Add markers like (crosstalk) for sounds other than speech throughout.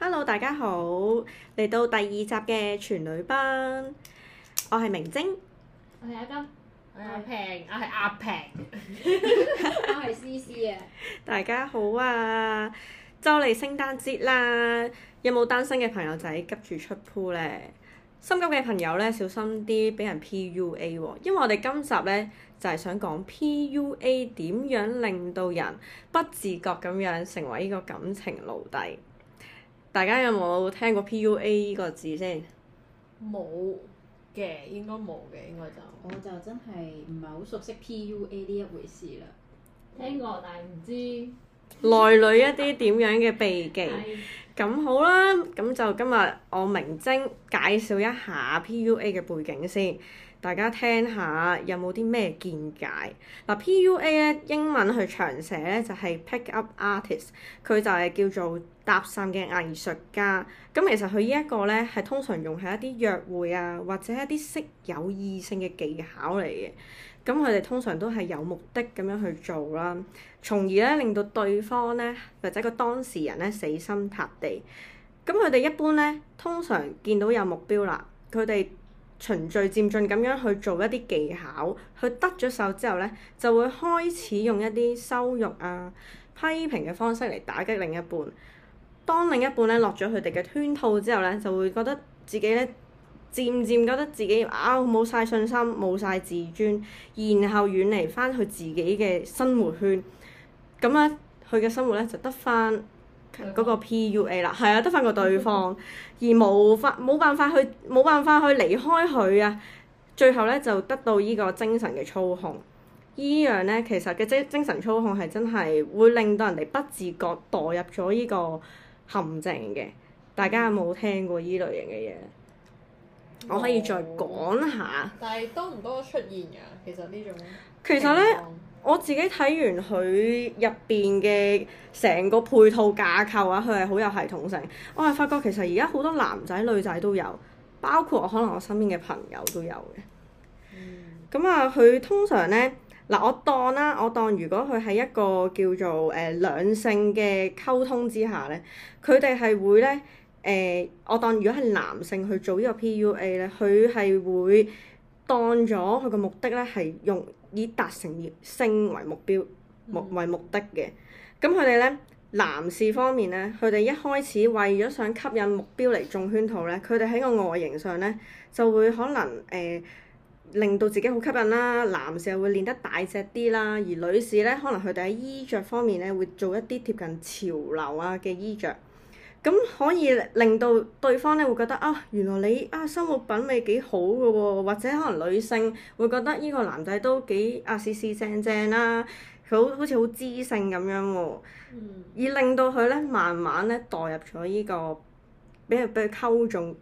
Hello，大家好，嚟到第二集嘅全女班，我係明貞，我係阿金，我係平，我係阿平，我係思思啊！大家好啊，就嚟聖誕節啦，有冇單身嘅朋友仔急住出鋪咧？心急嘅朋友咧，小心啲俾人 PUA，因為我哋今集咧就係想講 PUA 點樣令到人不自覺咁樣成為呢個感情奴隸。大家有冇聽過 PUA 呢個字先？冇嘅，應該冇嘅，應該就我就真係唔係好熟悉 PUA 呢一回事啦。聽過但係唔知內裏一啲點樣嘅秘技。 (laughs) 咁好啦，咁就今日我明貞介紹一下 PUA 嘅背景先。大家聽下有冇啲咩見解？嗱、啊、PUA 咧英文去全寫咧就係、是、pick up artist，佢就係叫做搭訕嘅藝術家。咁、嗯、其實佢呢一個咧係通常用喺一啲約會啊，或者一啲識有異性嘅技巧嚟嘅。咁佢哋通常都係有目的咁樣去做啦，從而咧令到對方咧或者個當事人咧死心塌地。咁佢哋一般咧通常見到有目標啦，佢哋。循序漸進咁樣去做一啲技巧，佢得咗手之後呢，就會開始用一啲羞辱啊、批評嘅方式嚟打擊另一半。當另一半咧落咗佢哋嘅圈套之後呢，就會覺得自己咧漸漸覺得自己啊冇晒信心、冇晒自尊，然後遠離翻佢自己嘅生活圈。咁咧，佢嘅生活咧就得翻。嗰個 PUA 啦，係啊，得翻個對方，而無法冇辦法去冇辦法去離開佢啊！最後咧就得到呢個精神嘅操控，依樣咧其實嘅精精神操控係真係會令到人哋不自覺墮入咗呢個陷阱嘅。大家有冇聽過依類型嘅嘢？哦、我可以再講下。但係多唔多出現㗎，啊？其實呢種其實咧。我自己睇完佢入邊嘅成個配套架構啊，佢係好有系統性。我係發覺其實而家好多男仔女仔都有，包括我可能我身邊嘅朋友都有嘅。咁啊、嗯，佢通常呢，嗱我當啦，我當如果佢喺一個叫做誒、呃、兩性嘅溝通之下呢，佢哋係會呢。誒、呃，我當如果係男性去做呢個 PUA 呢，佢係會當咗佢個目的呢係用。以達成業性為目標、目、嗯、為目的嘅咁，佢哋咧男士方面咧，佢哋一開始為咗想吸引目標嚟中圈套咧，佢哋喺個外形上咧就會可能誒、呃、令到自己好吸引啦。男士又會練得大隻啲啦，而女士咧可能佢哋喺衣着方面咧會做一啲貼近潮流啊嘅衣着。咁可以令到對方咧會覺得啊，原來你啊生活品味幾好嘅喎、哦，或者可能女性會覺得呢個男仔都幾啊四四正正啦、啊，佢好好似好知性咁樣喎、哦，嗯、而令到佢咧慢慢咧代入咗呢、呢個，俾人俾佢溝中，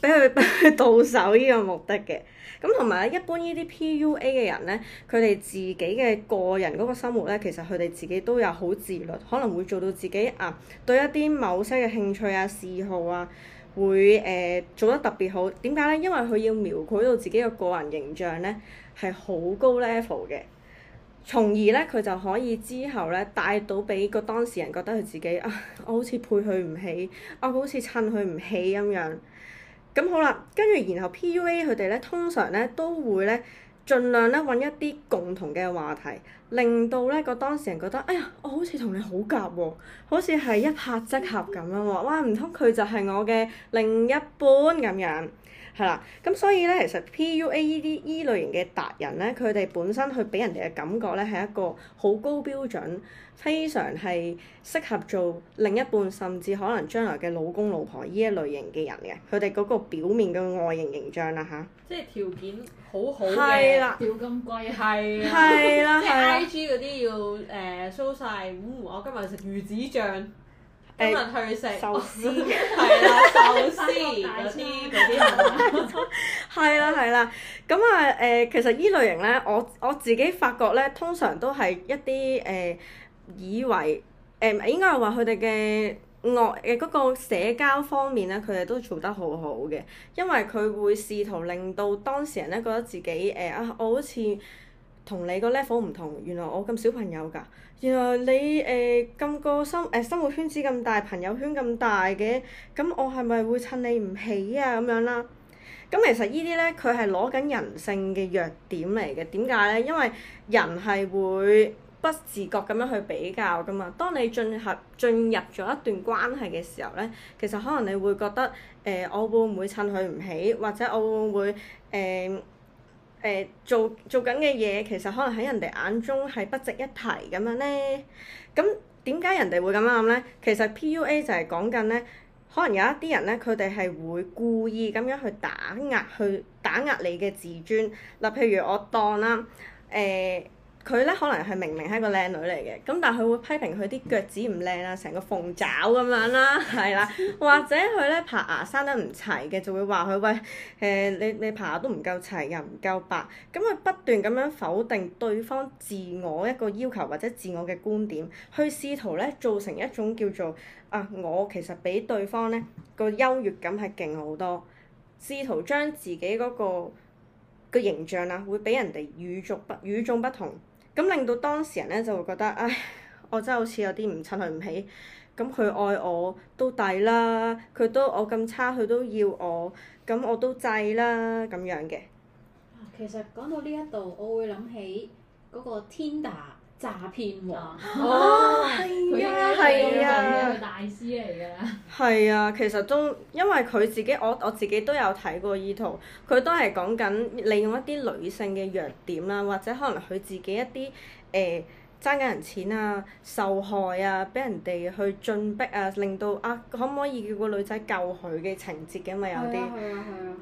俾佢俾佢到手呢個目的嘅。咁同埋咧，嗯、一般呢啲 PUA 嘅人咧，佢哋自己嘅個人嗰個生活咧，其實佢哋自己都有好自律，可能會做到自己啊，對一啲某些嘅興趣啊、嗜好啊，會誒、呃、做得特別好。點解咧？因為佢要描繪到自己嘅個人形象咧，係好高 level 嘅，從而咧佢就可以之後咧帶到俾個當事人覺得佢自己啊，我好似配佢唔起，我好似襯佢唔起咁、啊、樣。咁好啦，跟住然後 PUA 佢哋咧，通常咧都會咧盡量咧揾一啲共同嘅話題，令到咧個當事人覺得，哎呀，我好似同你好夾喎，好似係一拍即合咁樣喎，哇！唔通佢就係我嘅另一半咁樣。係啦，咁所以咧，其實 P.U.A. 依啲依類型嘅達人咧，佢哋本身去俾人哋嘅感覺咧，係一個好高標準，非常係適合做另一半，甚至可能將來嘅老公老婆依一類型嘅人嘅，佢哋嗰個表面嘅外形形象啦吓，啊、即係條件好好嘅，要咁貴係。係啦係。即係 I.G. 嗰啲要誒 show 曬，嗯，我今日食魚子醬。去食壽司係啦，壽司大啲嗰啲，係啦，係啦，咁啊誒，其實依類型咧，我我自己發覺咧，通常都係一啲誒以為誒唔係，應該係話佢哋嘅愛誒嗰個社交方面咧，佢哋都做得好好嘅，因為佢會試圖令到當事人咧覺得自己誒啊，我好似～同你個 level 唔同，原來我咁小朋友㗎，原來你誒咁、呃、個生誒、呃、生活圈子咁大，朋友圈咁大嘅，咁我係咪會襯你唔起啊咁樣啦、啊？咁其實呢啲咧，佢係攞緊人性嘅弱點嚟嘅。點解咧？因為人係會不自覺咁樣去比較㗎嘛。當你進合進入咗一段關係嘅時候咧，其實可能你會覺得誒、呃，我會唔會襯佢唔起，或者我會唔會誒、呃誒、呃、做做緊嘅嘢，其實可能喺人哋眼中係不值一提咁樣咧。咁點解人哋會咁樣諗咧？其實 PUA 就係講緊咧，可能有一啲人咧，佢哋係會故意咁樣去打壓，去打壓你嘅自尊。嗱、呃，譬如我當啦，誒、呃。佢咧可能係明明係一個靚女嚟嘅，咁但係佢會批評佢啲腳趾唔靚啦，成個鳳爪咁樣啦，係啦， (laughs) 或者佢咧爬牙生得唔齊嘅，就會話佢，喂誒、呃，你你爬牙都唔夠齊，又唔夠白，咁佢不斷咁樣否定對方自我一個要求或者自我嘅觀點，去試圖咧造成一種叫做啊，我其實比對方咧、那個優越感係勁好多，試圖將自己嗰、那個那個形象啊會俾人哋與眾不與眾不同。咁令到當事人咧就會覺得，唉，我真係好似有啲唔襯佢唔起，咁佢愛我都抵啦。佢都我咁差，佢都要我，咁我都制啦咁樣嘅。其實講到呢一度，我會諗起嗰個 Tinder。詐騙喎！哦哦、啊，係啊，係啊，佢係一個大師嚟㗎。係啊，其實都因為佢自己，我我自己都有睇過依圖，佢都係講緊利用一啲女性嘅弱點啊，或者可能佢自己一啲誒爭緊人錢啊、受害啊、俾人哋去進逼啊，令到啊可唔可以叫個女仔救佢嘅情節嘅、啊、嘛？有啲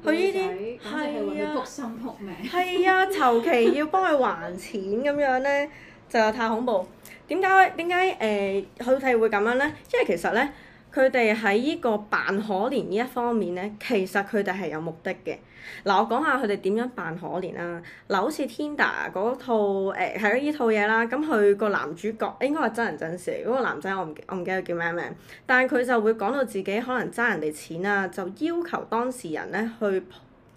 佢依啲簡直係為咗撲心撲命。係啊，求其、 (laughs) 啊、要幫佢還錢咁樣咧。就係太恐怖，點解點解誒佢哋會咁樣咧？因為其實咧，佢哋喺依個扮可憐呢一方面咧，其實佢哋係有目的嘅。嗱，我講下佢哋點樣扮可憐、啊呃、啦。嗱，好似 Tinder 嗰套誒喺依套嘢啦，咁佢個男主角應該係真人真事嗰、嗰個男仔，我唔我唔記得叫咩名，但係佢就會講到自己可能爭人哋錢啊，就要求當事人咧去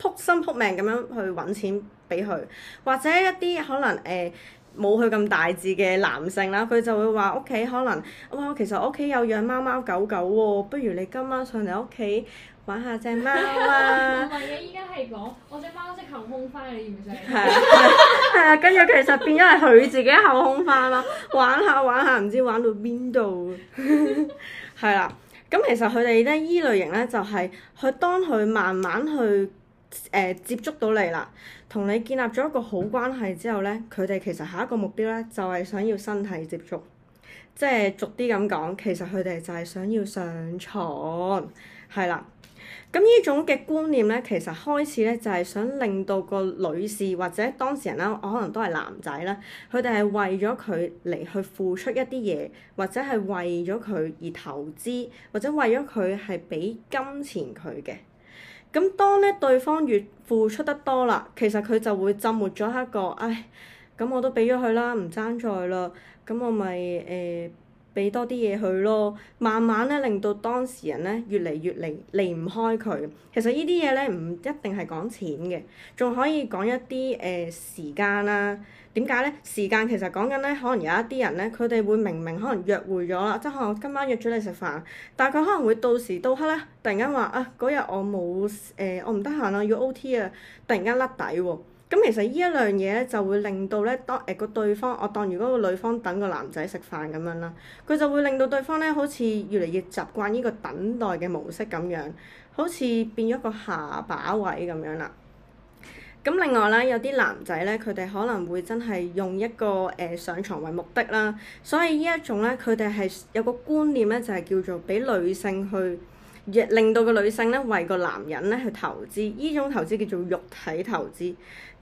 撲心撲命咁樣去揾錢俾佢，或者一啲可能誒。呃冇佢咁大隻嘅男性啦，佢就會話屋企可能，我其實屋企有養貓貓狗狗喎、哦，不如你今晚上嚟屋企玩下隻貓啊、欸！我問嘅依家係講我隻貓識行空翻，你唔想？係係啊，跟住其實變咗係佢自己行空翻啦，玩下玩下，唔知玩到邊度？係 (laughs) 啦，咁其實佢哋咧依類型咧就係、是、佢當佢慢慢去。誒接觸到你啦，同你建立咗一個好關係之後咧，佢哋其實下一個目標咧就係想要身體接觸，即係俗啲咁講，其實佢哋就係想要上床，係啦。咁呢種嘅觀念咧，其實開始咧就係想令到個女士或者當事人啦，我可能都係男仔啦，佢哋係為咗佢嚟去付出一啲嘢，或者係為咗佢而投資，或者為咗佢係俾金錢佢嘅。咁當咧對方越付出得多啦，其實佢就會浸沒咗一個，唉，咁我都俾咗佢啦，唔爭在啦，咁我咪誒俾多啲嘢佢咯，慢慢咧令到當事人咧越嚟越來離離唔開佢。其實呢啲嘢咧唔一定係講錢嘅，仲可以講一啲誒、呃、時間啦。點解咧？時間其實講緊咧，可能有一啲人咧，佢哋會明明可能約會咗啦，即係可能今晚約咗你食飯，但係佢可能會到時到刻咧，突然間話啊嗰日我冇誒、呃，我唔得閒啊，要 OT 啊，突然間甩底喎。咁、嗯、其實呢一樣嘢咧，就會令到咧當誒個、呃、對方，我當如果個女方等個男仔食飯咁樣啦，佢就會令到對方咧好似越嚟越習慣呢個等待嘅模式咁樣，好似變咗個下把位咁樣啦。咁另外咧，有啲男仔咧，佢哋可能會真係用一個誒、呃、上床為目的啦。所以呢一種咧，佢哋係有個觀念咧，就係、是、叫做俾女性去，亦令到個女性咧為個男人咧去投資。呢種投資叫做肉體投資。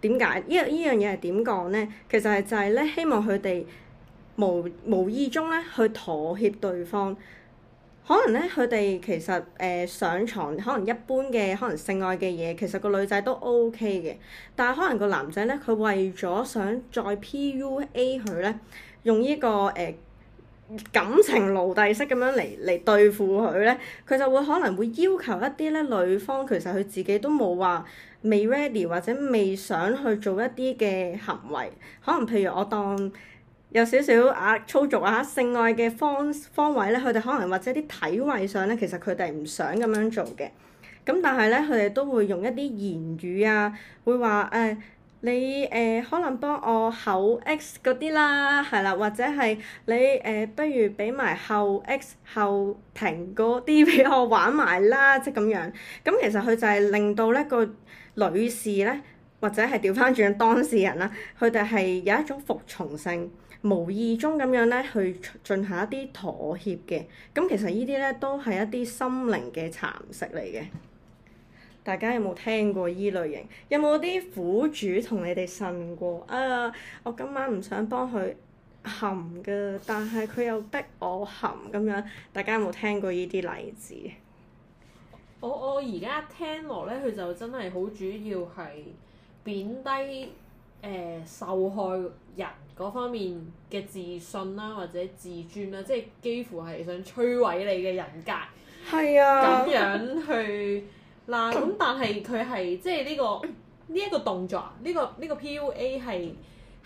點解？呢呢樣嘢係點講咧？其實係就係咧，希望佢哋無無意中咧去妥協對方。可能咧，佢哋其實誒、呃、上床，可能一般嘅可能性愛嘅嘢，其實個女仔都 OK 嘅。但係可能個男仔咧，佢為咗想再 PUA 佢咧，用呢、這個誒、呃、感情奴隸式咁樣嚟嚟對付佢咧，佢就會可能會要求一啲咧女方，其實佢自己都冇話未 ready 或者未想去做一啲嘅行為。可能譬如我當。有少少啊粗俗啊性愛嘅方方位咧，佢哋可能或者啲體位上咧，其實佢哋唔想咁樣做嘅。咁但係咧，佢哋都會用一啲言語啊，會話誒、呃、你誒、呃、可能幫我口 X 嗰啲啦，係啦，或者係你誒、呃、不如俾埋口 X 後庭嗰啲俾我玩埋啦，即係咁樣。咁、嗯、其實佢就係令到咧個女士咧，或者係調翻轉當事人啦，佢哋係有一種服從性。無意中咁樣咧，去進行一啲妥協嘅，咁其實呢啲咧都係一啲心靈嘅蠶食嚟嘅。大家有冇聽過依類型？有冇啲苦主同你哋呻過啊？我今晚唔想幫佢含㗎，但係佢又逼我含咁樣。大家有冇聽過呢啲例子？我我而家聽落咧，佢就真係好主要係貶低誒、呃、受害人。嗰方面嘅自信啦、啊，或者自尊啦、啊，即係幾乎係想摧毀你嘅人格，係是啊，咁樣去嗱，咁 (laughs) 但係佢係即係呢、這個呢一、這個動作，呢、這個呢、這個 PUA 係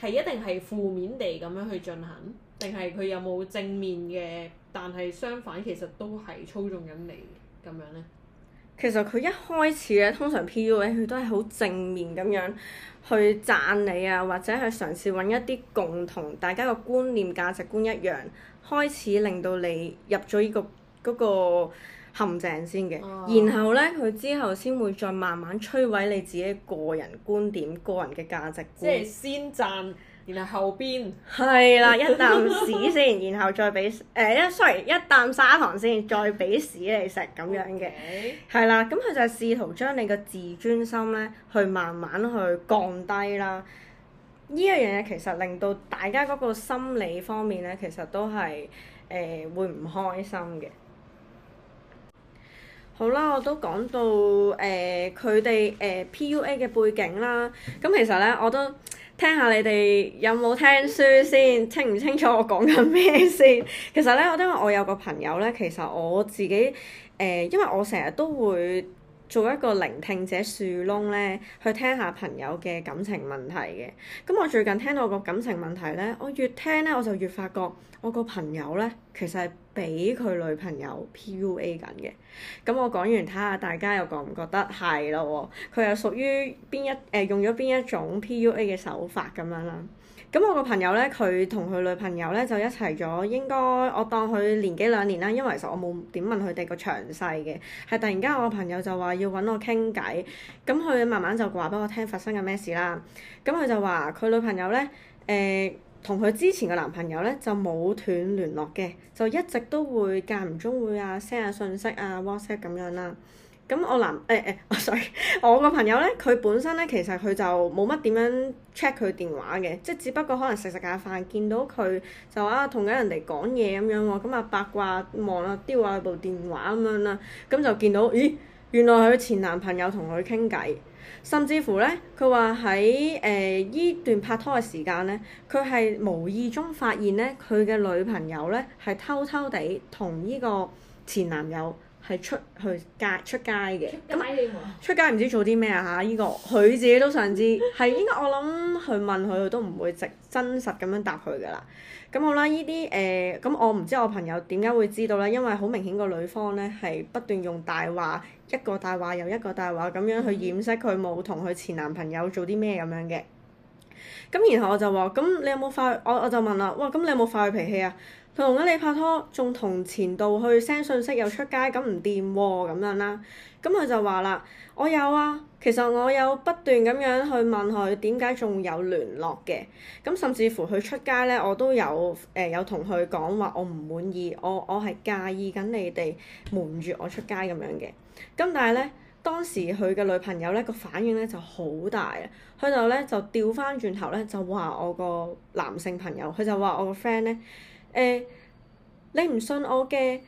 係一定係負面地咁樣去進行，定係佢有冇正面嘅？但係相反，其實都係操縱緊你咁樣呢。其實佢一開始咧，通常 PUA 佢都係好正面咁樣去讚你啊，或者去嘗試揾一啲共同大家嘅觀念、價值觀一樣，開始令到你入咗呢個嗰個陷阱先嘅。Oh. 然後呢，佢之後先會再慢慢摧毀你自己個人觀點、嗯、個人嘅價值觀。即係先讚。然後後邊係啦，一啖屎先，然後再俾誒、呃、sorry 一啖砂糖先，再俾屎你食咁樣嘅，係啦 Okay.。咁佢就係試圖將你嘅自尊心咧，去慢慢去降低啦。呢一樣嘢其實令到大家嗰個心理方面咧，其實都係誒、呃、會唔開心嘅。好啦，我都講到誒佢哋誒 PUA 嘅背景啦。咁其實咧，我都。聽下你哋有冇聽書先，清唔清楚我講緊咩先？其實咧，我都因為我有個朋友咧，其實我自己誒、呃，因為我成日都會。做一個聆聽者樹窿咧，去聽下朋友嘅感情問題嘅。咁我最近聽到個感情問題咧，我越聽咧我就越發覺我個朋友咧，其實係俾佢女朋友 PUA 緊嘅。咁我講完睇下大家又覺唔覺得係咯？佢、哦、又屬於邊一誒、呃、用咗邊一種 PUA 嘅手法咁樣啦。咁我個朋友咧，佢同佢女朋友咧就一齊咗，應該我當佢年幾兩年啦。因為其實我冇點問佢哋個詳細嘅，係突然間我朋友就話要揾我傾偈。咁佢慢慢就話俾我聽發生緊咩事啦。咁佢就話佢女朋友咧，誒同佢之前個男朋友咧就冇斷聯絡嘅，就一直都會間唔中會啊 send 下信息啊 WhatsApp 咁樣啦。咁我男誒誒、哎哎，sorry， (laughs) 我個朋友咧，佢本身咧，其實佢就冇乜點樣 check 佢電話嘅，即係只不過可能食食下飯，見到佢就啊同緊人哋講嘢咁樣喎，咁啊，八卦，望啊丟下部電話咁樣啦，咁就見到，咦，原來佢前男朋友同佢傾偈，甚至乎咧，佢話喺誒呢段拍拖嘅時間咧，佢係無意中發現咧，佢嘅女朋友咧係偷偷地同呢個前男友。係出去街出街嘅，咁出街唔、嗯、知做啲咩啊吓！依、這個佢自己都想知，係 (laughs) 應該我諗去問佢，佢都唔會直真實咁樣答佢噶啦。咁好啦，呢啲誒，咁、呃、我唔知我朋友點解會知道咧，因為好明顯個女方咧係不斷用大話一個大話又一個大話咁樣去掩飾佢冇同佢前男朋友做啲咩咁樣嘅。咁然後我就話：咁你有冇發我，我就問啦，哇！咁你有冇發佢脾氣啊？同咗你拍拖，仲同前度去 send 信息又出街，咁唔掂喎咁樣啦、啊。咁佢就話啦：我有啊，其實我有不斷咁樣去問佢點解仲有聯絡嘅。咁甚至乎佢出街咧，我都有誒、呃、有同佢講話，我唔滿意，我我係介意緊你哋瞞住我出街咁樣嘅。咁但係咧，當時佢嘅女朋友咧個反應咧就好大啊。佢就咧就調返轉頭咧就話我個男性朋友，佢就話我個 friend 咧。誒、欸，你唔信我嘅，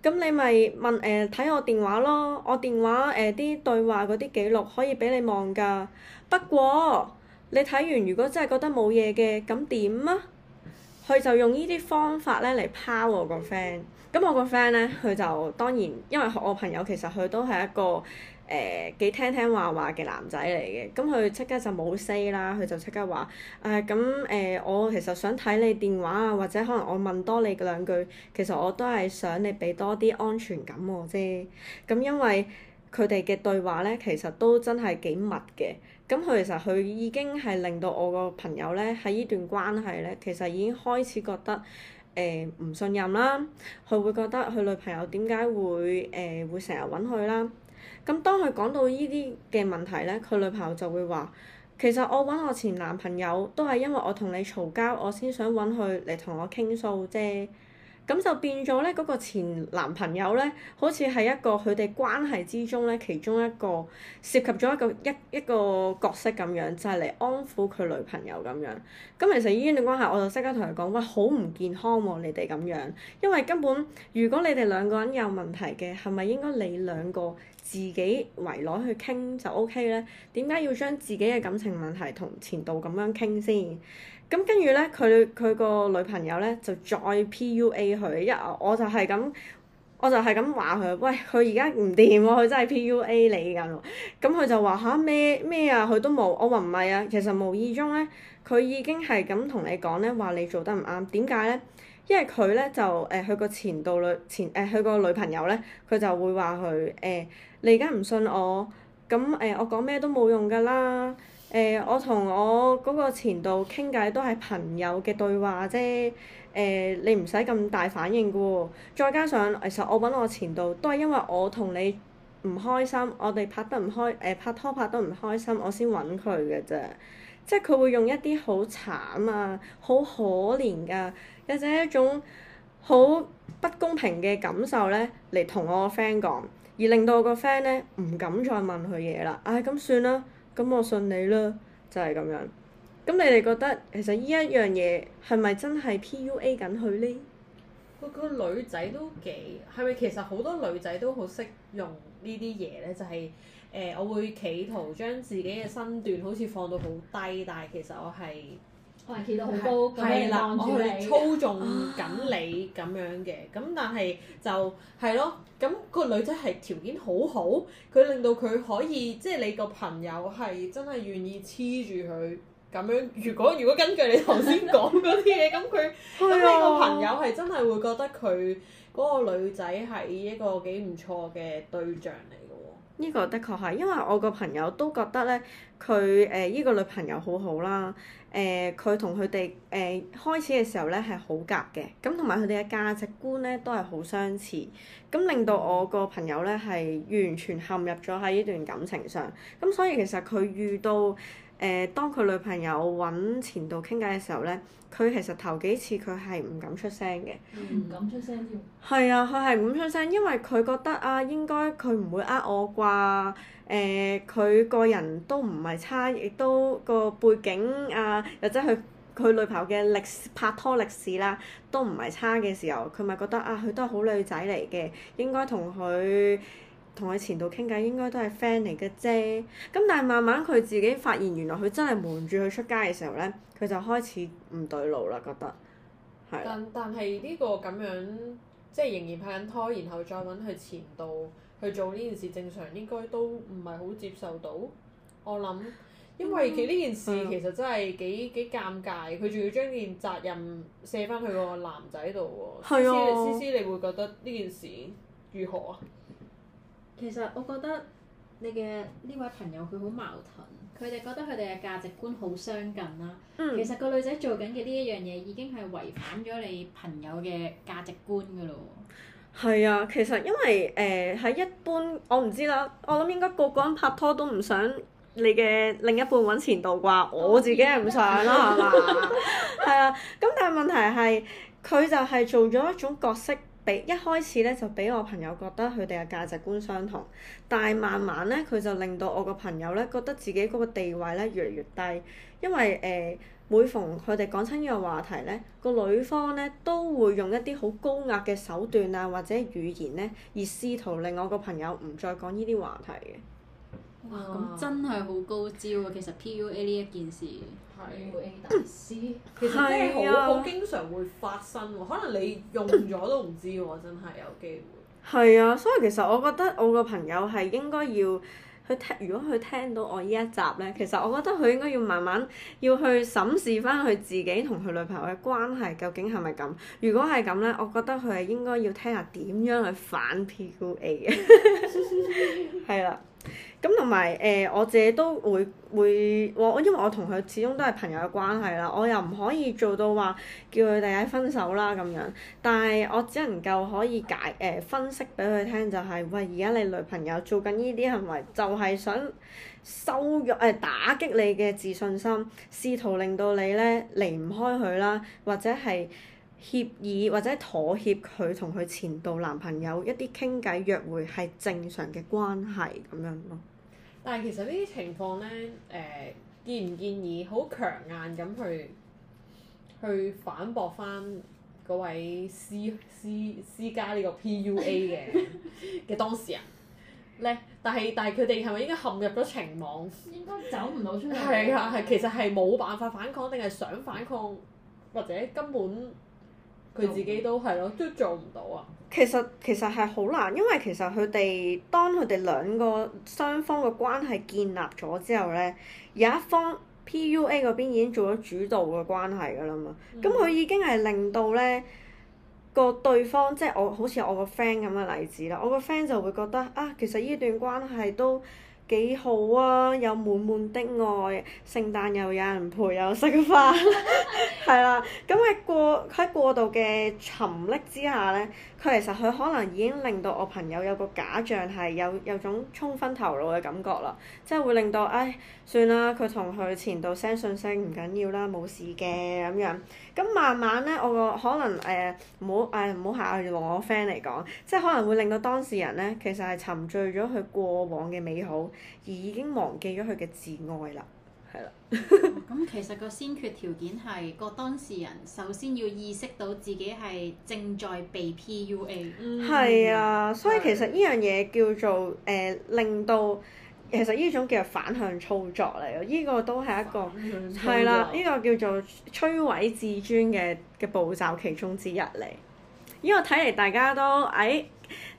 咁你咪問誒睇、欸、我電話咯，我電話誒啲、欸、對話嗰啲記錄可以俾你望㗎。不過你睇完如果真係覺得冇嘢嘅，咁點啊？佢就用呢啲方法咧嚟拋我個 friend。咁我個 friend 咧，佢就當然，因為我朋友其實佢都係一個，誒幾聽聽話話嘅男仔嚟嘅，咁佢即刻就冇 say 啦，佢就即刻話誒咁誒，我其實想睇你電話啊，或者可能我問多你兩句，其實我都係想你俾多啲安全感我啫。咁因為佢哋嘅對話咧，其實都真係幾密嘅。咁佢其實佢已經係令到我個朋友咧喺呢段關係咧，其實已經開始覺得誒唔、呃、信任啦。佢會覺得佢女朋友點解會誒、呃、會成日揾佢啦？咁當佢講到呢啲嘅問題咧，佢女朋友就會話：其實我搵我前男朋友都係因為我同你嘈交，我先想搵佢嚟同我傾訴啫。咁就變咗咧，嗰、那個前男朋友咧，好似係一個佢哋關係之中咧，其中一個涉及咗一個一一個角色咁樣，就係、是、嚟安撫佢女朋友咁樣。咁其實呢段嘅關係，我就即刻同佢講：喂，好唔健康喎、啊，你哋咁樣，因為根本如果你哋兩個人有問題嘅，係咪應該你兩個自己圍攞去傾就 OK 咧？點解要將自己嘅感情問題同前度咁樣傾先？咁跟住咧，佢佢個女朋友咧就再 PUA 佢，一我就係咁，我就係咁話佢，喂，佢而家唔掂喎，佢真係 PUA 你㗎，咁、嗯、佢就話吓，咩咩啊，佢都冇，我話唔係啊，其實無意中咧，佢已經係咁同你講咧，話你做得唔啱，點解咧？因為佢咧就誒，佢、呃、個前度女前誒，佢、呃、個女朋友咧，佢就會話佢誒，你而家唔信我，咁、嗯、誒、呃，我講咩都冇用㗎啦。誒、欸，我同我嗰個前度傾偈都係朋友嘅對話啫。誒、欸，你唔使咁大反應嘅喎。再加上，其實我揾我前度都係因為我同你唔開心，我哋拍得唔開，誒、呃、拍拖拍得唔開心，我先揾佢嘅啫。即係佢會用一啲好慘啊、好可憐噶，或者一種好不公平嘅感受咧嚟同我個 friend 講，而令到我個 friend 咧唔敢再問佢嘢啦。唉、哎，咁算啦。咁我信你啦，就係、是、咁樣。咁你哋覺得其實呢一樣嘢係咪真係 PUA 緊佢呢？個個女仔都幾係咪？其實好多女仔都好識用呢啲嘢呢？就係、是、誒、呃，我會企圖將自己嘅身段好似放到好低，但係其實我係。企到好高係啦，我係操縱緊你咁、啊、樣嘅，咁但係就係咯，咁、個女仔係條件好好，佢令到佢可以，即、就、係、是、你個朋友係真係願意黐住佢咁樣，如果如果根據你頭先講嗰啲嘢，咁佢咁你個朋友係真係會覺得佢嗰、個女仔係一個幾唔錯嘅對象嚟。呢個的確係，因為我個朋友都覺得咧，佢誒依個女朋友好好啦，誒佢同佢哋誒開始嘅時候咧係好夾嘅，咁同埋佢哋嘅價值觀咧都係好相似，咁令到我個朋友咧係完全陷入咗喺呢段感情上，咁所以其實佢遇到。誒、呃，當佢女朋友揾前度傾偈嘅時候呢，佢其實頭幾次佢係唔敢出聲嘅，唔敢出聲添。係啊，佢係唔敢出聲，因為佢覺得啊，應該佢唔會呃我啩。誒，佢個人都唔係差，亦都個背景啊，或者佢佢女朋友嘅歷拍拖歷史啦，都唔係差嘅時候，佢咪覺得啊，佢都係好女仔嚟嘅，應該同佢。同佢前度傾偈應該都係 friend 嚟嘅啫，咁但係慢慢佢自己發現原來佢真係瞞住佢出街嘅時候呢，佢就開始唔對路啦，覺得。但但係呢個咁樣，即係仍然拍緊拖，然後再揾佢前度去做呢件事，正常應該都唔係好接受到。我諗，因為佢呢件事其實真係幾幾尷尬，佢仲要將件責任卸翻去個男仔度喎。係啊。CC，你會覺得呢件事如何啊？其實我覺得你嘅呢位朋友佢好矛盾，佢哋覺得佢哋嘅價值觀好相近啦。嗯、其實個女仔做緊嘅呢一樣嘢已經係違反咗你朋友嘅價值觀㗎咯。係啊，其實因為誒喺、呃、一般，我唔知啦。我諗應該個個人拍拖都唔想你嘅另一半搵前度啩。我自己係唔想啦，係嘛？係啊。咁但係問題係佢就係做咗一種角色。一開始咧就俾我朋友覺得佢哋嘅價值觀相同，但係慢慢咧佢就令到我個朋友咧覺得自己嗰個地位咧越嚟越低，因為誒、呃、每逢佢哋講親呢個話題咧，個女方咧都會用一啲好高壓嘅手段啊或者語言咧，而試圖令我個朋友唔再講呢啲話題嘅。真係好高招啊，其實 P.U.A. 呢一件事，係、啊，但係私其實係好好經常會發生喎。可能你用咗都唔知喎，真係有機會。係啊，所以其實我覺得我個朋友係應該要佢聽，如果佢聽到我呢一集呢，其實我覺得佢應該要慢慢要去審視返佢自己同佢女朋友嘅關係究竟係咪咁。如果係咁呢，我覺得佢係應該要聽下點樣去反 P.U.A. 嘅。 (laughs) 咁同埋，誒，我自己都會會我，因為我同佢始終都係朋友嘅關係啦，我又唔可以做到話叫佢哋喺分手啦咁樣，但係我只能夠可以解誒、欸、分析俾佢聽就係，是、喂，而家你女朋友做緊呢啲行為就係想羞辱誒、呃、打擊你嘅自信心，試圖令到你咧離唔開佢啦，或者係。協議或者妥協，佢同佢前度男朋友一啲傾偈約會係正常嘅關係咁樣咯。但係其實呢啲情況咧，誒、呃，建唔建議好強硬咁去去反駁翻嗰位私私私家呢個 PUA 嘅嘅當事人咧？但係但係佢哋係咪應該陷入咗情網？應該走唔到出嚟。 (laughs) 係啊，係其實係冇辦法反抗，定係想反抗，或者根本。佢自己都係咯，都做唔到啊！其實其實係好難，因為其實佢哋當佢哋兩個雙方嘅關係建立咗之後咧，有一方 PUA 嗰邊已經做咗主導嘅關係噶啦嘛，咁佢、嗯、已經係令到咧個對方即係我好似我個 friend 咁嘅例子啦，我個 friend 就會覺得啊，其實呢段關係都～幾好啊！有滿滿的愛，聖誕又有人陪，又食飯，係 (laughs) 啦。咁喺過喺過度嘅沉溺之下呢，佢其實佢可能已經令到我朋友有個假象係有有種衝昏頭腦嘅感覺啦，即係會令到唉。算啦，佢同佢前度 send 信息唔緊要啦，冇事嘅咁樣。咁慢慢咧，我個可能誒唔好誒唔好下嚟同我 friend 嚟講，即係可能會令到當事人咧，其實係沉醉咗佢過往嘅美好，而已經忘記咗佢嘅自愛啦，係啦。咁、 (laughs) 哦嗯、其實個先決條件係個當事人首先要意識到自己係正在被 PUA 的。係啊的，所以其實呢樣嘢叫做誒、呃、令到。其實呢種叫做反向操作嚟嘅，呢個都係一個係啦，呢個叫做摧毀自尊嘅嘅步驟其中之一嚟。呢個睇嚟大家都誒。哎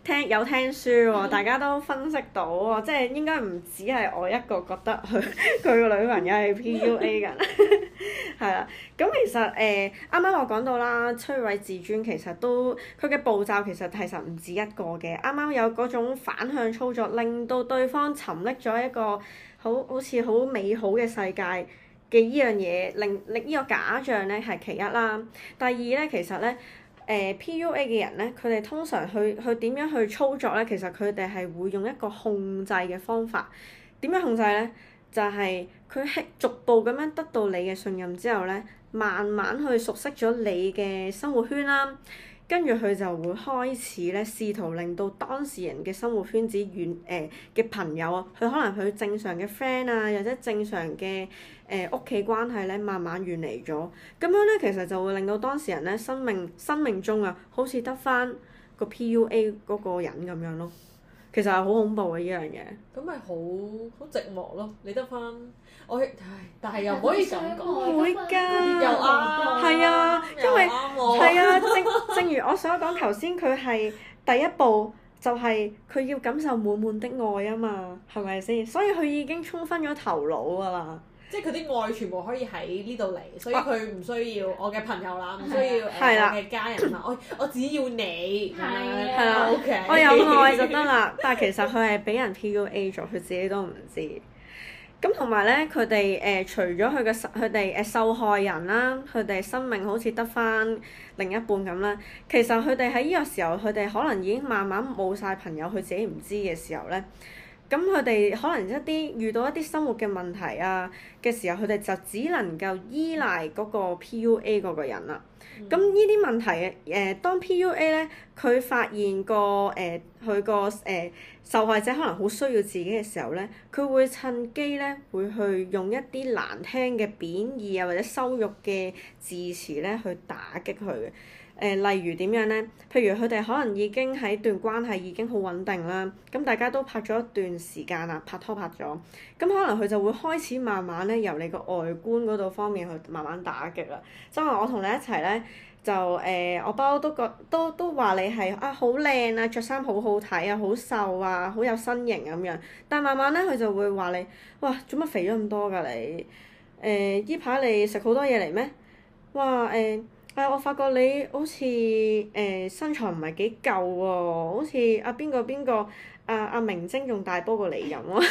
聽有聽書喎，大家都分析到喎，即係應該唔止係我一個覺得佢佢個女朋友係 PUA 㗎，係啦。 (laughs) (laughs) 咁其實誒，啱、呃、啱我講到啦，摧毀自尊其實都佢嘅步驟其實其實唔止一個嘅。啱啱有嗰種反向操作，令到對方沉溺咗一個好好似好美好嘅世界嘅依樣嘢，令令依個假象咧係其一啦。第二咧，其實咧。誒 PUA 嘅人咧，佢哋通常去去點樣去操作咧？其實佢哋係會用一個控制嘅方法。點樣控制咧？就係佢係逐步咁樣得到你嘅信任之後咧，慢慢去熟悉咗你嘅生活圈啦。跟住佢就會開始咧，試圖令到當事人嘅生活圈子遠誒嘅朋友啊，佢可能佢正常嘅 friend 啊，又或者正常嘅誒屋企關係咧，慢慢遠離咗。咁樣咧，其實就會令到當事人咧生命生命中啊，好似得返個 PUA 嗰個人咁樣咯。其實係好恐怖嘅呢樣嘢，咁咪好好寂寞咯，你得翻。我但係又唔可以咁講，唔會㗎，係啊，啊因為係 (laughs) 啊，正正如我所講頭先，佢係第一步就係、是、佢要感受滿滿的愛啊嘛，係咪先？所以佢已經衝昏咗頭腦㗎啦。即係佢啲愛全部可以喺呢度嚟，所以佢唔需要我嘅朋友啦，唔需要誒我嘅家人啦，啊、我 (coughs) 我只要你係 (coughs) 啊，啊 Okay. 我有愛就得啦。但係其實佢係俾人 PUA 咗，佢自己都唔知。咁同埋咧，佢哋誒除咗佢嘅佢哋誒受害人啦，佢哋生命好似得翻另一半咁啦。其實佢哋喺呢個時候，佢哋可能已經慢慢冇晒朋友，佢自己唔知嘅時候咧。咁佢哋可能一啲遇到一啲生活嘅問題啊嘅時候，佢哋就只能夠依賴嗰個 PUA 嗰個人啦。咁呢啲問題誒、呃，當 PUA 咧，佢發現、呃那個誒佢個誒受害者可能好需要自己嘅時候咧，佢會趁機咧會去用一啲難聽嘅貶義啊或者羞辱嘅字詞咧去打擊佢嘅。誒，例如點樣咧？譬如佢哋可能已經喺段關係已經好穩定啦，咁大家都拍咗一段時間啦，拍拖拍咗，咁可能佢就會開始慢慢咧由你個外觀嗰度方面去慢慢打擊啦。即係我同你一齊咧，就誒、呃，我不嬲都覺都都話你係啊，好靚啊，着衫好好睇啊，好瘦啊，好有身形咁樣。但係慢慢咧，佢就會話你，哇，做乜肥咗咁多㗎、呃、你？誒，依排你食好多嘢嚟咩？哇，誒、呃。係我發覺你好似誒、呃、身材唔係幾夠喎，好似阿邊個邊個、阿阿明貞仲大波過你飲喎，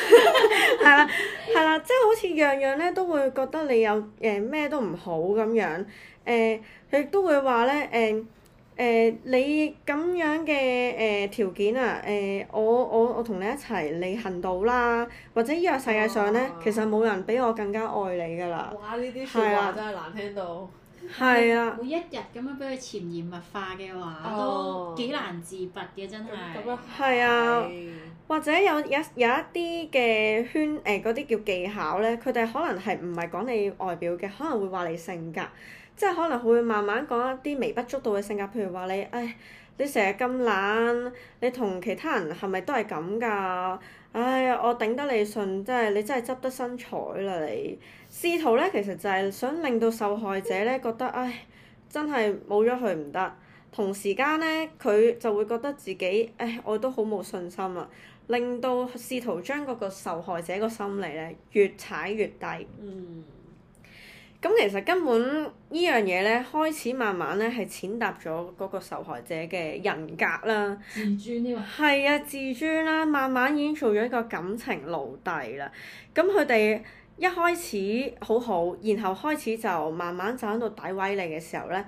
係啦係啦，即係好似樣樣咧都會覺得你有誒咩、呃、都唔好咁樣誒，佢、呃、都會話咧誒誒你咁樣嘅誒、呃、條件啊誒、呃，我我我同你一齊你恨到啦，或者依個世界上咧、啊、其實冇人比我更加愛你㗎啦。哇！呢啲説話對真係難聽到～係啊，每一日咁樣俾佢潛移默化嘅話，哦、都幾難自拔嘅真係。係、嗯嗯、啊，是或者有有有一啲嘅圈誒嗰啲叫技巧咧，佢哋可能係唔係講你外表嘅，可能會話你性格，即係可能會慢慢講一啲微不足道嘅性格，譬如話你唉，你成日咁懶，你同其他人係咪都係咁㗎？唉，我頂得你順，真係你真係執得身材啦你。試圖咧，其實就係想令到受害者咧覺得，唉，真係冇咗佢唔得。同時間咧，佢就會覺得自己，唉，我都好冇信心啊。令到試圖將嗰個受害者個心理咧越踩越低。嗯。咁其實根本呢樣嘢咧，開始慢慢咧係踐踏咗嗰個受害者嘅人格啦。自尊呢個。係啊，自尊啦、啊，慢慢已經做咗一個感情奴隸啦。咁佢哋。一開始好好，然後開始就慢慢就喺度詆毀你嘅時候咧，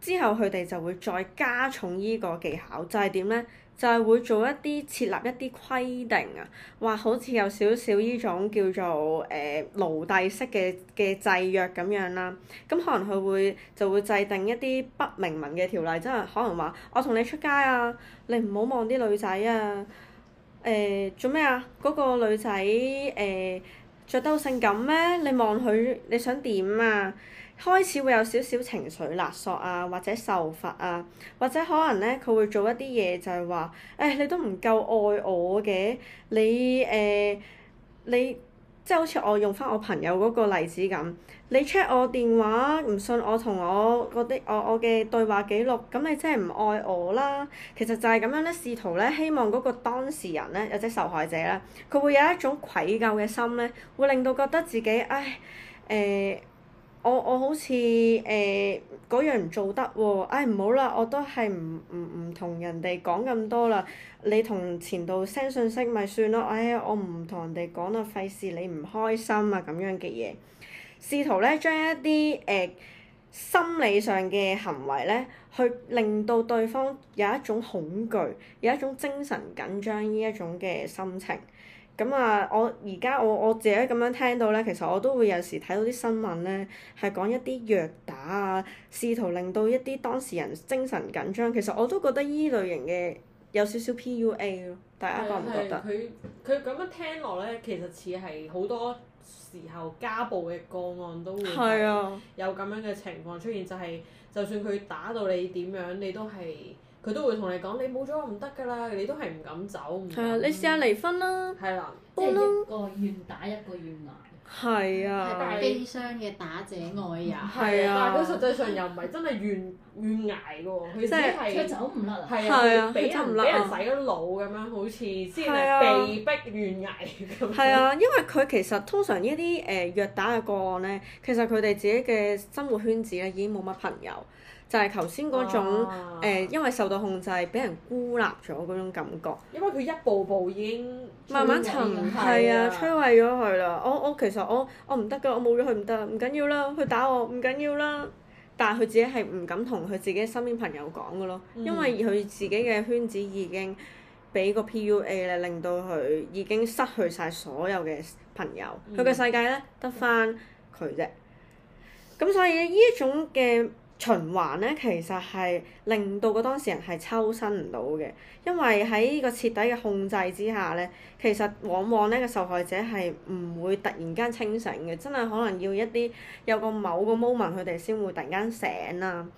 之後佢哋就會再加重依個技巧，就係點咧？就係、是、會做一啲設立一啲規定啊，話好似有少少依種叫做誒、呃、奴隸式嘅嘅制約咁樣啦。咁、嗯、可能佢會就會制定一啲不明文嘅條例，即係可能話我同你出街啊，你唔好望啲女仔啊，誒做咩啊？嗰、那個女仔誒。呃着得性感咩？你望佢，你想點啊？開始會有少少情緒勒索啊，或者受罰啊，或者可能咧，佢會做一啲嘢就係話，誒、哎，你都唔夠愛我嘅，你誒，你。呃你即係好似我用翻我朋友嗰個例子咁，你 check 我電話唔信我同我嗰啲我我嘅對話記錄，咁你真係唔愛我啦。其實就係咁樣咧，試圖咧希望嗰個當事人咧或者受害者咧，佢會有一種愧疚嘅心咧，會令到覺得自己唉誒。誒我我好似誒嗰樣唔做得喎、哦，哎唔好啦，我都係唔唔唔同人哋講咁多啦。你同前度 send 信息咪算咯，唉、哎，我唔同人哋講啦，費事你唔開心啊咁樣嘅嘢。試圖咧將一啲誒、呃、心理上嘅行為咧，去令到對方有一種恐懼，有一種精神緊張呢一種嘅心情。咁啊，我而家我我自己咁樣聽到咧，其實我都會有時睇到啲新聞咧，係講一啲虐打啊，試圖令到一啲當事人精神緊張。其實我都覺得依類型嘅有少少 PUA 咯，大家覺唔覺得？佢佢咁樣聽落咧，其實似係好多時候家暴嘅個案都會，係啊，有咁樣嘅情況出現，就係就算佢打到你點樣，你都係。佢都會同你講，你冇咗唔得㗎啦，你都係唔敢走，唔敢。係啊，你試下離婚啦。係啦、啊。嗯、即係一個願打一個願挨。係啊。係，大悲傷嘅打者愛啊。係啊。但係佢實際上又唔係真係願願挨嘅喎，佢真係。佢走唔甩啊！係、就是、啊，俾人俾人洗咗腦咁樣，好似先係被逼願挨。係啊，因為佢其實通常呢啲誒虐打嘅個案咧，其實佢哋自己嘅生活圈子咧已經冇乜朋友。就係頭先嗰種、啊呃、因為受到控制，俾人孤立咗嗰種感覺。因為佢一步步已經慢慢沉，係啊，摧毀咗佢啦。我我其實我我唔得噶，我冇咗佢唔得，唔緊要啦。佢打我唔緊要啦，但係佢自己係唔敢同佢自己身邊朋友講噶咯，嗯、因為佢自己嘅圈子已經俾個 P.U.A 咧，令到佢已經失去晒所有嘅朋友。佢嘅、嗯、世界咧得返佢啫。咁、嗯、所以呢，呢種嘅。循環咧，其實係令到個當事人係抽身唔到嘅，因為喺呢個徹底嘅控制之下咧，其實往往咧個受害者係唔會突然間清醒嘅，真係可能要一啲有個某個 moment 佢哋先會突然間醒啦、啊。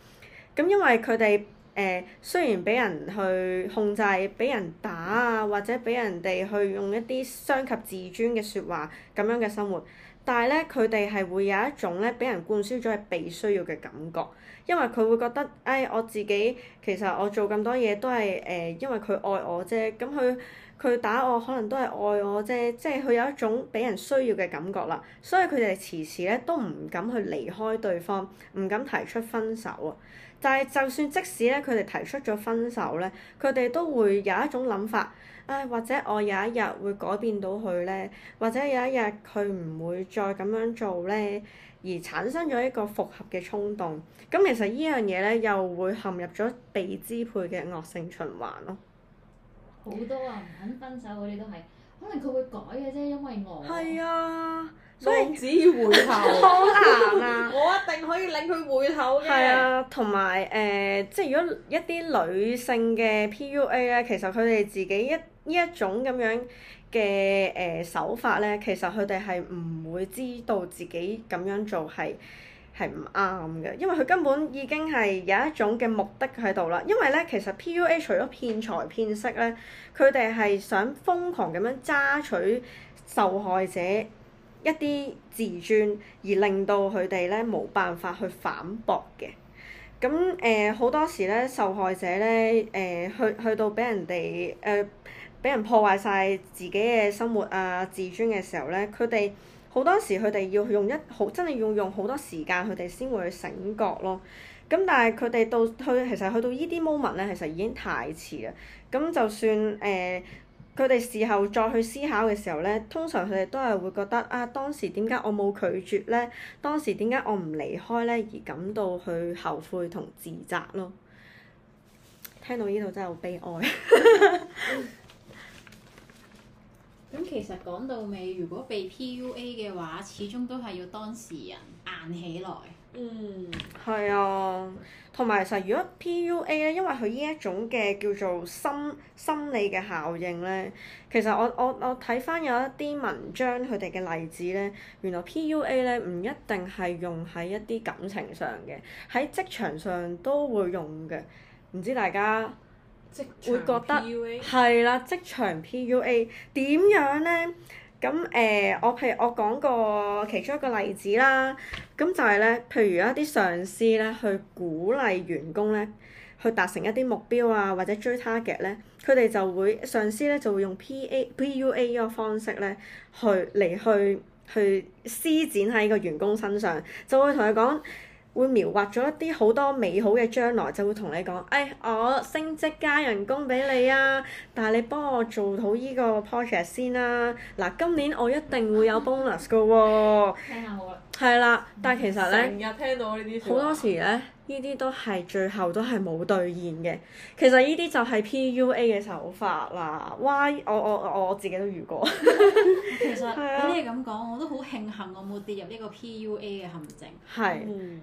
咁因為佢哋。誒、呃、雖然俾人去控制、俾人打啊，或者俾人哋去用一啲傷及自尊嘅説話咁樣嘅生活，但係咧，佢哋係會有一種咧俾人灌輸咗係被需要嘅感覺，因為佢會覺得誒、哎、我自己其實我做咁多嘢都係誒、呃、因為佢愛我啫，咁佢佢打我可能都係愛我啫，即係佢有一種俾人需要嘅感覺啦，所以佢哋遲遲咧都唔敢去離開對方，唔敢提出分手啊。但係，就算即使咧，佢哋提出咗分手咧，佢哋都會有一種諗法，唉、哎，或者我有一日會改變到佢咧，或者有一日佢唔會再咁樣做咧，而產生咗一個復合嘅衝動。咁其實呢樣嘢咧，又會陷入咗被支配嘅惡性循環咯。好多啊，唔肯分手嗰啲都係，可能佢會改嘅啫，因為我係啊。所以只要回頭 (laughs) 好難啊！ (laughs) 我一定可以令佢回頭嘅。係啊，同埋誒，即係如果一啲女性嘅 PUA 咧，其實佢哋自己一呢一種咁樣嘅誒手法咧，其實佢哋係唔會知道自己咁樣做係係唔啱嘅，因為佢根本已經係有一種嘅目的喺度啦。因為咧，其實 PUA 除咗騙財騙色咧，佢哋係想瘋狂咁樣揸取受害者。一啲自尊，而令到佢哋咧冇辦法去反駁嘅。咁誒好多時咧，受害者咧誒、呃、去去到俾人哋誒俾人破壞晒自己嘅生活啊、自尊嘅時候咧，佢哋好多時佢哋要用一好真係要用好多時間，佢哋先會去醒覺咯。咁但係佢哋到去其實去到呢啲 moment 咧，其實已經太遲啦。咁就算誒。呃佢哋事後再去思考嘅時候呢，通常佢哋都係會覺得「啊，當時點解我冇拒絕呢？當時點解我唔離開呢？」而感到去後悔同自責咯。聽到呢度真係好悲哀。咁其實講到尾，如果被 PUA 嘅話，始終都係要當事人硬起來。嗯，係啊，同埋其實如果 P.U.A 咧，因為佢呢一種嘅叫做心心理嘅效應咧，其實我我我睇翻有一啲文章佢哋嘅例子咧，原來 P.U.A 咧唔一定係用喺一啲感情上嘅，喺職場上都會用嘅，唔知大家即會覺得係啦，職場 P.U.A 點樣咧？咁誒、呃，我譬如我講個其中一個例子啦，咁就係咧，譬如一啲上司咧，去鼓勵員工咧，去達成一啲目標啊，或者追 target 咧，佢哋就會上司咧就會用 PA, PUA 呢個方式咧，去嚟去去施展喺個員工身上，就會同佢講。會描畫咗一啲好多美好嘅將來，就會同你講：誒、哎，我升職加人工俾你啊！但係你幫我做好呢個 project 先啦、啊。嗱，今年我一定會有 bonus 㗎喎、哦。聽下好啊。係啦了，嗯、但係其實咧，好多時咧，呢啲都係最後都係冇兌現嘅。其實呢啲就係 PUA 嘅手法啦。哇！我我我自己都遇過。 (laughs) 其實、啊、你咁講，我都好慶幸我冇跌入呢個 PUA 嘅陷阱。係是。嗯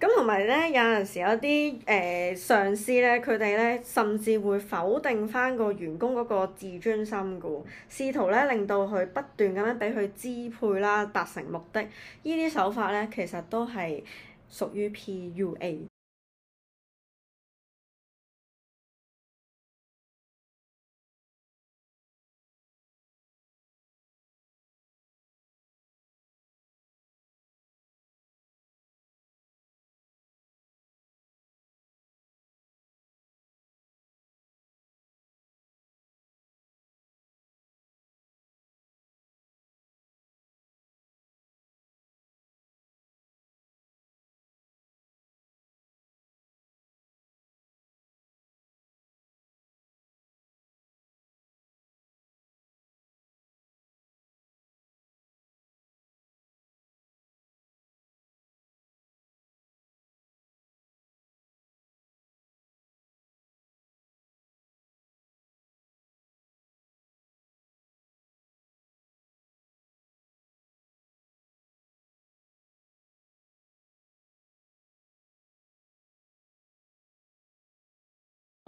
咁同埋咧，有陣時有啲誒、呃、上司咧，佢哋咧甚至會否定翻個員工嗰個自尊心噶，試圖咧令到佢不斷咁樣俾佢支配啦，達成目的。呢啲手法咧，其實都係屬於 PUA。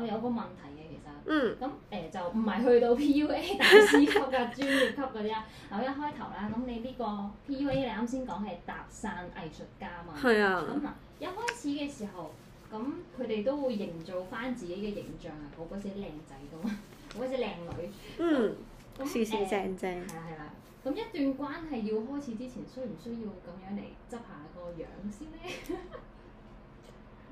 我有個問題嘅其實，咁誒、嗯呃、就唔係去到 P.U.A. 大師級嘅 (laughs) 專業級嘅啫。嗱一開頭啦，咁你呢個 P.U.A. 你啱先講係搭訕藝術家嘛？係啊、嗯。咁嗱，一開始嘅時候，咁佢哋都會營造翻自己嘅形象，好嗰隻靚仔嘅嘛，好嗰隻靚女。嗯。誒。少少正正。係啦係啦。咁一段關係要開始之前，需唔需要咁樣嚟執下個樣先咧？ (laughs)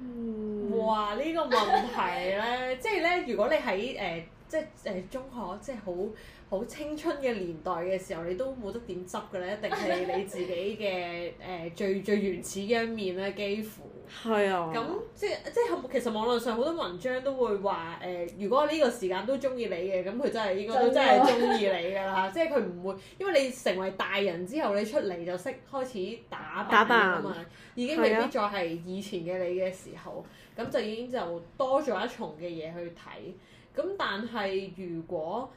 嗯，哇！呢、這個問題咧， (laughs) 即係咧，如果你喺誒、呃、即係誒、呃、中學即係好好青春嘅年代嘅時候，你都冇得點執嘅咧，一定係你自己嘅誒、 (laughs) 呃、最最原始嘅一面咧，幾乎。係啊，咁 (noise) (noise) 即係即係其實網絡上好多文章都會話誒、呃，如果呢個時間都中意你嘅，咁、嗯、佢真係應該都真係中意你㗎啦。 (laughs) (laughs) 即係佢唔會，因為你成為大人之後，你出嚟就識開始打扮啦嘛扮，已經未必再係以前嘅你嘅時候，咁對、啊、就已經就多咗一重嘅嘢去睇。咁但係如果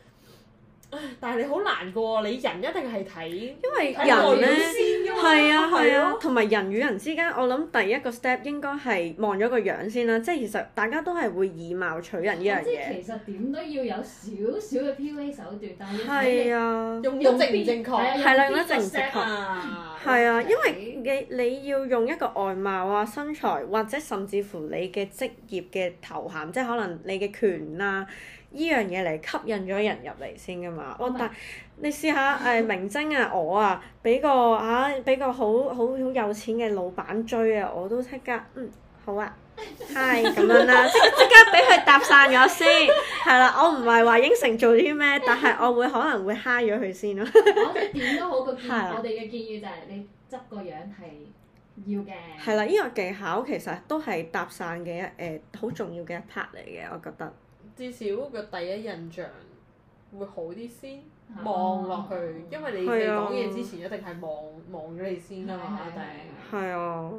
但係你好難噶你人一定係睇，因為人呢，係啊，同埋人與人之間，我諗第一個 step 應該係望咗個樣先啦、啊。即係其實大家都係會以貌取人依樣嘢。即係其實點都要有少少嘅 PUA 手段，但係、啊、用得正唔正確？係啦、啊，用，、啊、用得正唔正確？係啊，因為你你要用一個外貌啊、身材，或者甚至乎你嘅職業嘅頭銜，即係可能你嘅權啊。呢樣嘢嚟吸引咗人入嚟先㗎嘛？哦，oh, 但你試下誒、 (laughs) 哎、明貞啊，我啊，俾個嚇，俾、啊、個好好好有錢嘅老闆追啊，我都即刻嗯好啊 h 咁、 (laughs) 哎、樣啦，即即刻俾佢搭訕咗先，係啦，我唔係話應承做啲咩，但係我會可能會蝦咗佢先咯、 (laughs) 啊。我哋點都好個建議，我哋嘅建議就係你執個樣係要嘅。係啦， (laughs) 呢個技巧其實都係搭訕嘅一誒好重要嘅一 part 嚟嘅，我覺得。至少個第一印象會好啲先，望落去，啊、因為你哋講嘢之前一定係望望咗你先是啊嘛。係啊。係啊。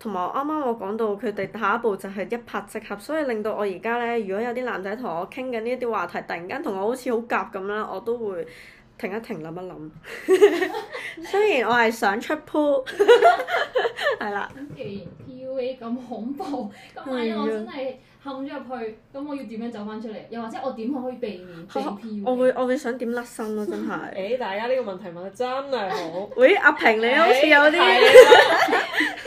同埋我啱啱我講到佢哋下一步就係一拍即合，所以令到我而家咧，如果有啲男仔同我傾緊呢啲話題，突然間同我好似好夾咁啦，我都會停一停諗一諗。 (laughs) (laughs) 雖然我係想出鋪，係啦。 (noise) 咁恐怖，咁萬一我真係陷咗入去，咁的我要點樣走返出嚟？又或者我點可以避免？我會我會想點甩身咯、啊，真係。誒、欸，大家呢個問題問得真係好。喂、 (laughs) 欸，阿平，你、欸、好似有啲。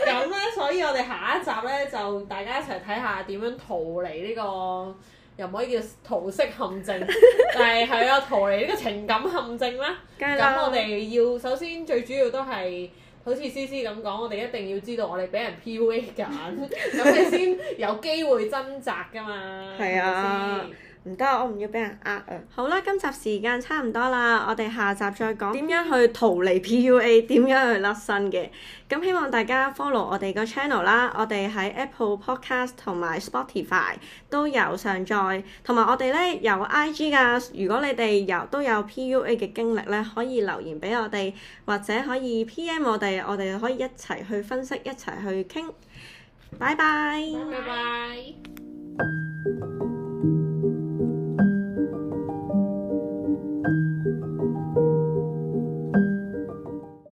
咁咧，所以我哋下一集咧，就大家一齊睇下點樣逃離呢、這個，又唔可以叫桃色陷阱， (laughs) 但係係啊，逃離呢個情感陷阱啦。咁我哋要首先最主要都係。好似詩詩咁講，我哋一定要知道我哋俾人 PUA 緊，咁 (laughs) (laughs) 你先有機會掙扎噶嘛，係 (laughs) 啊。唔得，我唔要俾人呃啊！好啦，今集時間差唔多啦，我哋下集再講點樣去逃離 PUA，點樣去甩身嘅。咁希望大家 follow 我哋個 channel 啦，我哋喺 Apple Podcast 同埋 Spotify 都有上載，同埋我哋咧有 IG 㗎。如果你哋有都有 PUA 嘅經歷咧，可以留言俾我哋，或者可以 PM 我哋，我哋可以一齊去分析，一齊去傾。拜拜，拜拜。